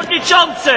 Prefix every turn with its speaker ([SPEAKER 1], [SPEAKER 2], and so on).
[SPEAKER 1] przewodniczący!